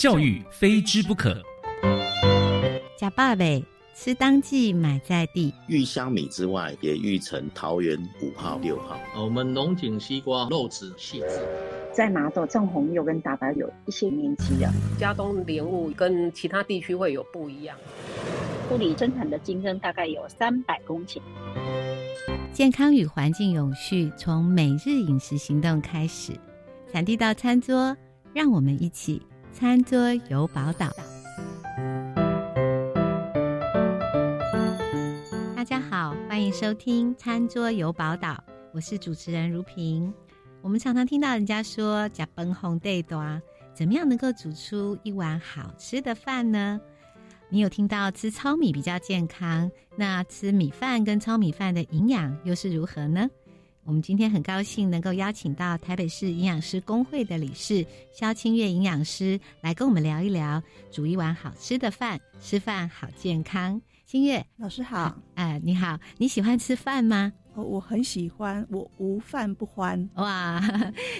教育非知不可。假爸爸吃當季買在地，玉香米之外也育成桃園五號、六號。我們龍井西瓜、肉質、細緻，在麻豆種紅柚跟大白柚有一些面積啊。佳冬蓮霧跟其他地區會有不一樣。富里生產的金針大概有三百公頃。健康與環境永續，從每日飲食行動開始，產地到餐桌，讓我們一起。餐桌遊寶島。大家好，歡迎收聽《餐桌遊寶島》，我是主持人如萍。我們常常聽到人家說“吃飯皇帝大”，怎麼樣能夠煮出一碗好吃的飯呢？你有聽到吃糙米比較健康？那吃米飯跟糙米飯的營養又是如何呢？我們今天很高興能夠邀請到台北市營養師公會的理事蕭清月營養師來跟我們聊一聊煮一碗好吃的飯，吃飯好健康。清月老師好，哎、啊呃，你好，你喜歡吃飯嗎？哦，我很喜歡，我無飯不歡。哇，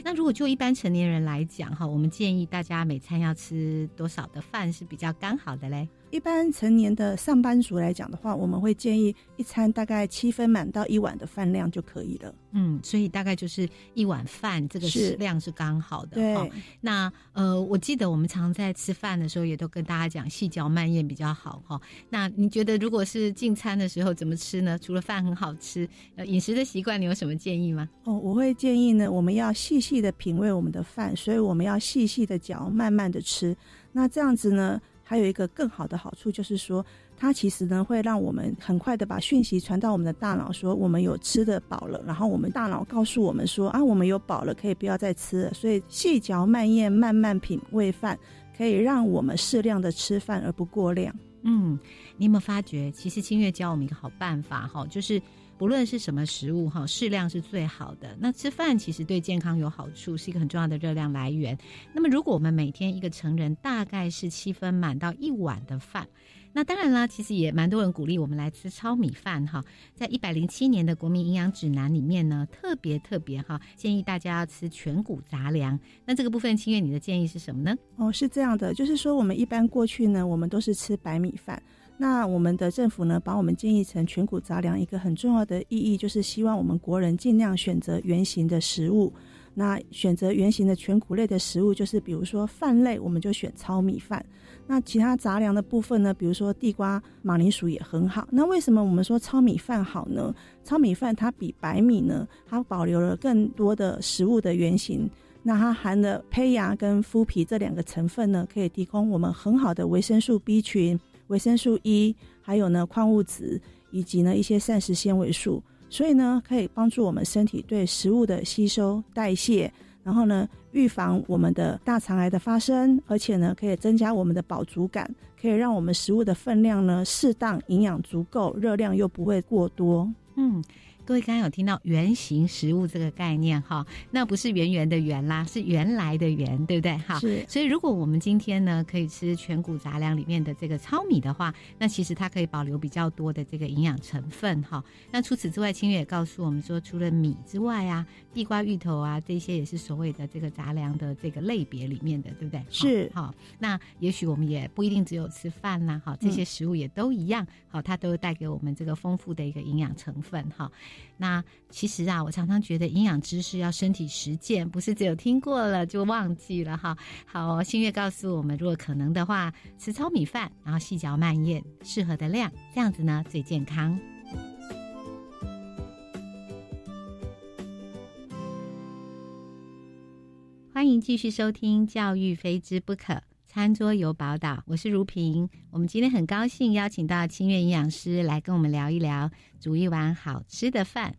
那如果就一般成年人來講哈，我們建議大家每餐要吃多少的飯是比較剛好的嘞？一般成年的上班族來講的話，我們會建議一餐大概七分滿到一碗的飯量就可以了。嗯，所以大概就是一碗飯，這個食量是剛好的。對，哦、那呃，我記得我們常在吃飯的時候，也都跟大家講細嚼慢嚥比較好哈、哦。那你覺得如果是進餐的時候怎麼吃呢？除了飯很好吃，呃、飲食的習慣你有什麼建議嗎？哦，我會建議呢，我們要細細的品味我們的飯，所以我們要細細的嚼，慢慢的吃。那這樣子呢？還有一個更好的好處，就是說，它其實呢會讓我們很快的把訊息傳到我們的大腦說，說我們有吃的飽了，然後我們大腦告訴我們說，啊，我們有飽了，可以不要再吃了。所以細嚼慢咽、慢慢品味飯，可以讓我們適量的吃飯而不過量。嗯，你有沒有發覺，其實清月教我們一個好辦法哈，就是。不論是什麼食物哈，適量是最好的。那吃飯其實對健康有好處，是一個很重要的熱量來源。那麼，如果我們每天一個成人大概是七分滿到一碗的飯，那當然啦，其實也蠻多人鼓勵我們來吃糙米飯哈。在一百零七年的國民營養指南裡面呢，特別特別哈，建議大家要吃全穀雜糧。那這個部分，清月你的建議是什麼呢？哦，是這樣的，就是說我們一般過去呢，我們都是吃白米飯。那我們的政府呢，把我們建議成全穀雜糧一個很重要的意義，就是希望我們國人儘量選擇原型的食物。那選擇原型的全穀類的食物，就是比如說飯類，我們就選糙米飯。那其他雜糧的部分呢，比如說地瓜、馬鈴薯也很好。那為什麼我們說糙米飯好呢？糙米飯它比白米呢，它保留了更多的食物的原型。那它含的胚芽跟麩皮這兩個成分呢，可以提供我們很好的維生素 B 群，維生素 E，還有呢礦物質，以及呢一些膳食纖維素，所以呢可以幫助我們身體對食物的吸收代謝，然後呢預防我們的大腸癌的發生，而且呢可以增加我們的飽足感，可以讓我們食物的分量呢適當，營養足夠，熱量又不會過多。嗯。各位剛剛有聽到原型食物這個概念哈，那不是圓圓的圓啦，是原來的原，對不對？哈，是。所以如果我們今天呢可以吃全穀雜糧裡面的這個糙米的話，那其實它可以保留比較多的這個營養成分哈。那除此之外，清月也告訴我們說，除了米之外啊，地瓜、芋頭啊這些也是所謂的這個雜糧的這個類別裡面的，對不對？是。好，那也許我們也不一定只有吃飯啦，哈，這些食物也都一樣，好、嗯，它都帶給我們這個豐富的一個營養成分哈。那其實啊，我常常覺得營養知識要身體實踐，不是只有聽過了就忘記了哈。好，清月告訴我們，如果可能的話，吃糙米飯，然後細嚼慢嚥，適合的量，這樣子呢最健康。歡迎繼續收聽《教育非知不可》。餐桌遊寶島，我是如萍。我們今天很高興邀請到清月營養師來跟我們聊一聊煮一碗好吃的飯。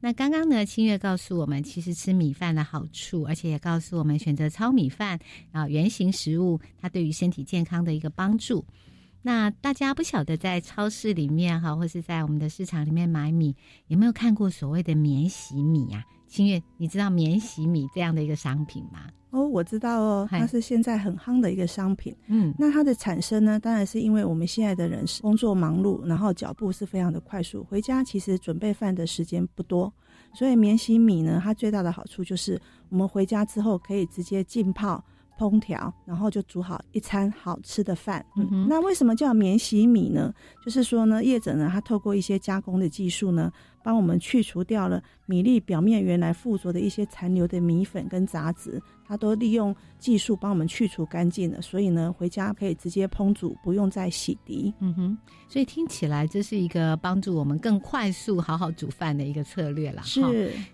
那剛剛呢，清月告訴我們，其實吃米飯的好處，而且也告訴我們選擇糙米飯啊、原型食物，它對於身體健康的一個幫助。那大家不曉得在超市裡面哈，或是在我們的市場裡面買米，有沒有看過所謂的免洗米呀、啊？清月，你知道免洗米這樣的一個商品嗎？哦，我知道哦，它是現在很夯的一個商品。嗯，那它的產生呢，當然是因為我們現在的人是工作忙碌，然後腳步是非常的快速，回家其實準備飯的時間不多，所以免洗米呢，它最大的好處就是我們回家之後可以直接浸泡、烹調，然後就煮好一餐好吃的飯。嗯哼，嗯，那為什麼叫免洗米呢？就是說呢，業者呢，他透過一些加工的技術呢。幫我們去除掉了米粒表面原來附着的一些殘留的米粉跟雜質，它都利用技術幫我們去除乾淨了。所以呢，回家可以直接烹煮，不用再洗滌。嗯哼，所以聽起來這是一個幫助我們更快速好好煮飯的一個策略了。是、哦，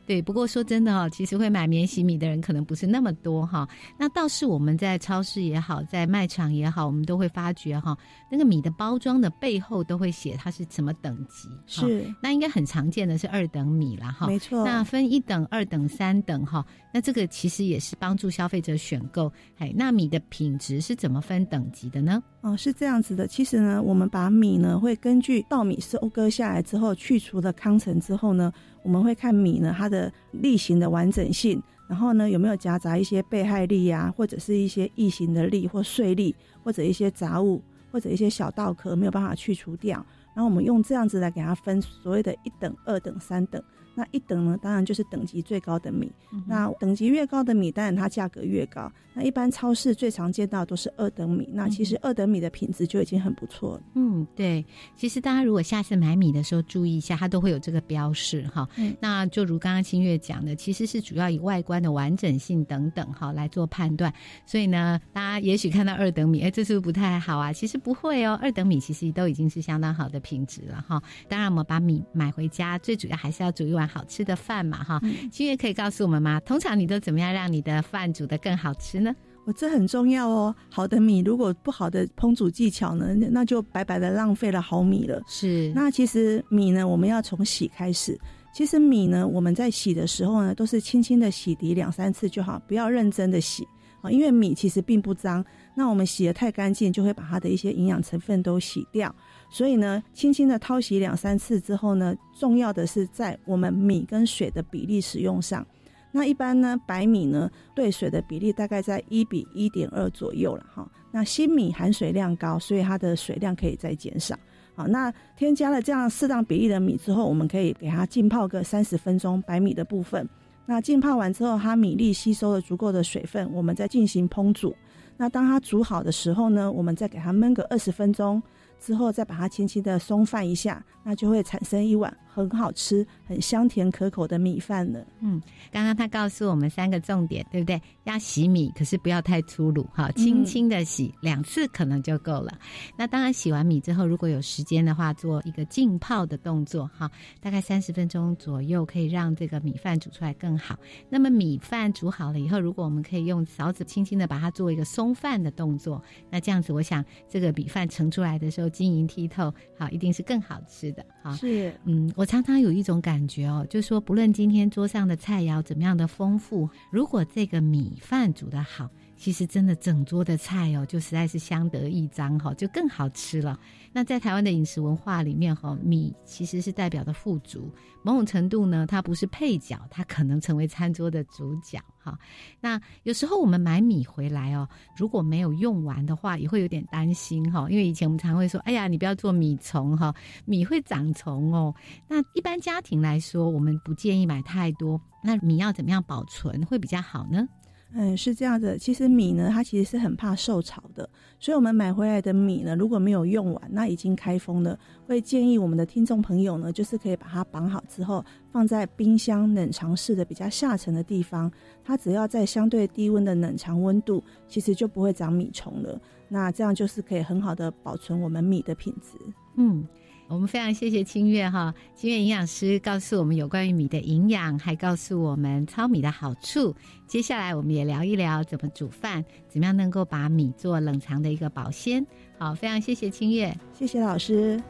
對。不過說真的哈、哦，其實會買免洗米的人可能不是那麼多哈、哦。那倒是我們在超市也好，在賣場也好，我們都會發覺哈、哦，那個米的包裝的背後都會寫它是什麼等級。是、哦，那應該很常見。變的是二等米了哈，沒錯。那分一等、二等、三等哈，那這個其實也是幫助消費者選購。哎，那米的品質是怎麼分等級的呢？哦，是這樣子的。其實呢，我們把米呢，會根據稻米收割下來之後，去除了糠層之後呢，我們會看米呢，它的粒型的完整性，然後呢，有沒有夾雜一些被害粒啊，或者是一些異形的粒或碎粒，或者一些雜物，或者一些小稻殼沒有辦法去除掉。然後我們用這樣子來給它分，所謂的一等、二等、三等。那一等呢，當然就是等級最高的米。嗯、哼那等級越高的米，當然它價格越高。那一般超市最常見到都是二等米。那其實二等米的品質就已經很不錯了嗯。嗯，對。其實大家如果下次買米的時候注意一下，它都會有這個標示哈。嗯。那就如剛剛清月講的，其實是主要以外觀的完整性等等哈來做判斷。所以呢，大家也許看到二等米，哎，這是不是不太好啊？其實不會哦，二等米其實都已經是相當好的品。停止了哈，當然我們把米買回家，最主要還是要煮一碗好吃的飯嘛哈。清、嗯、月可以告訴我們嗎？通常你都怎麼樣讓你的飯煮得更好吃呢？我這很重要哦。好的米，如果不好的烹煮技巧呢，那就白白的浪費了好米了。是。那其實米呢，我們要從洗開始。其實米呢，我們在洗的時候呢，都是輕輕的洗滌兩三次就好，不要認真的洗啊，因為米其實並不髒。那我們洗得太乾淨，就會把它的一些營養成分都洗掉。所以呢，輕輕的淘洗兩三次之後呢，重要的是在我們米跟水的比例使用上。那一般呢，白米呢對水的比例大概在一比一點二左右了哈。那新米含水量高，所以它的水量可以再減少。好，那添加了這樣適當比例的米之後，我們可以給它浸泡個三十分鐘。白米的部分，那浸泡完之後，它米粒吸收了足夠的水分，我們再進行烹煮。那當它煮好的時候呢，我們再給它燜個二十分鐘。之後再把它輕輕的鬆散一下，那就會產生一碗，很好吃，很香甜可口的米飯呢。嗯，剛剛他告訴我們三個重點，對不對？要洗米，可是不要太粗魯，哈，輕輕的洗、嗯、兩次可能就夠了。那當然，洗完米之後，如果有時間的話，做一個浸泡的動作，哈，大概三十分鐘左右，可以讓這個米飯煮出來更好。那麼米飯煮好了以後，如果我們可以用勺子輕輕的把它做一個鬆飯的動作，那這樣子，我想這個米飯盛出來的時候晶瑩剔透，好，一定是更好吃的。好，是，嗯，我。常常有一種感覺哦，就說不論今天桌上的菜肴怎麼樣的豐富，如果這個米飯煮得好，其實真的整桌的菜哦，就實在是相得益彰哈，就更好吃了。那在台灣的飲食文化裡面哈，米其實是代表的富足，某種程度呢，它不是配角，它可能成為餐桌的主角哈。那有時候我們買米回來哦，如果沒有用完的話，也會有點擔心哈，因為以前我們常會說，哎呀，你不要做米蟲哈，米會長蟲哦。那一般家庭來說，我們不建議買太多。那米要怎麼樣保存會比較好呢？嗯，是這樣的。其實米呢，它其實是很怕受潮的。所以，我們買回來的米呢，如果沒有用完，那已經開封了，會建議我們的聽眾朋友呢，就是可以把它綁好之後，放在冰箱冷藏室的比較下層的地方。它只要在相對低溫的冷藏溫度，其實就不會長米蟲了。那這樣就是可以很好的保存我們米的品質。嗯。我們非常謝謝清月哈，清月營養師告訴我們有關於米的營養，還告訴我們糙米的好處。接下來我們也聊一聊怎麼煮飯，怎麼樣能夠把米做冷藏的一個保鮮。好，非常謝謝清月，謝謝老師。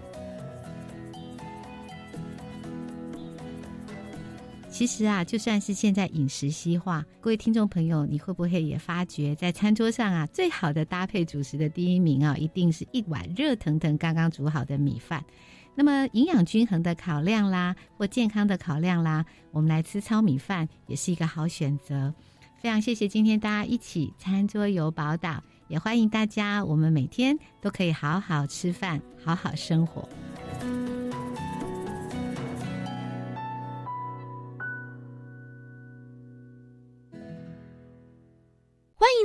其實啊，就算是現在飲食西化，各位聽眾朋友，你會不會也發覺，在餐桌上啊，最好的搭配主食的第一名啊，一定是一碗熱騰騰、剛剛煮好的米飯。那麼，營養均衡的考量啦，或健康的考量啦，我們來吃糙米飯也是一個好選擇。非常謝謝今天大家一起餐桌遊寶島，也歡迎大家，我們每天都可以好好吃飯，好好生活。